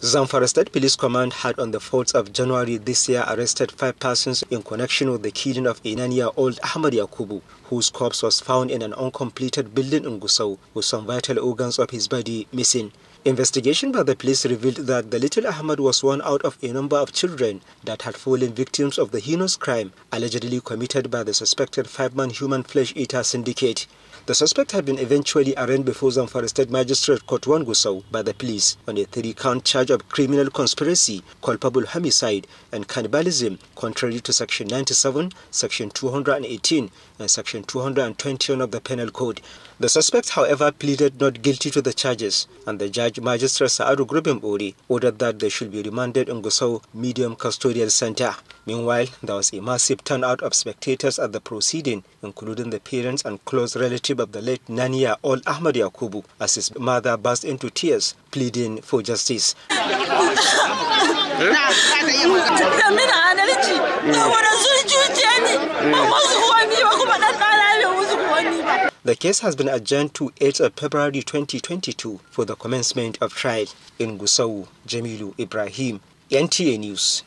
Zamfara State Police Command had on the 4th of January this year arrested five persons in connection with the killing of a nine-year-old Ahmad Yakubu, whose corpse was found in an uncompleted building in Gusau, with some vital organs of his body missing. Investigation by the police revealed that the little Ahmad was one out of a number of children that had fallen victims of the heinous crime allegedly committed by the suspected five-man human flesh-eater syndicate. The suspect had been eventually arraigned before Zamfara State Magistrate Court 1 by the police on a three-count charge of criminal conspiracy, culpable homicide, and cannibalism, contrary to Section 97, Section 218, and Section 221 of the Penal Code. The suspect, however, pleaded not guilty to the charges, and the judge, Magistrate Saadu Grubem ordered that they should be remanded in Gusau Medium Custodial Center. Meanwhile, there was a massive turnout of spectators at the proceeding, including the parents and close relative of the late Nania Ol Ahmad Yakubu, as his mother burst into tears, pleading for justice. The case has been adjourned to 8th of February 2022 for the commencement of trial in Gusau, Jamilu Ibrahim, NTA News.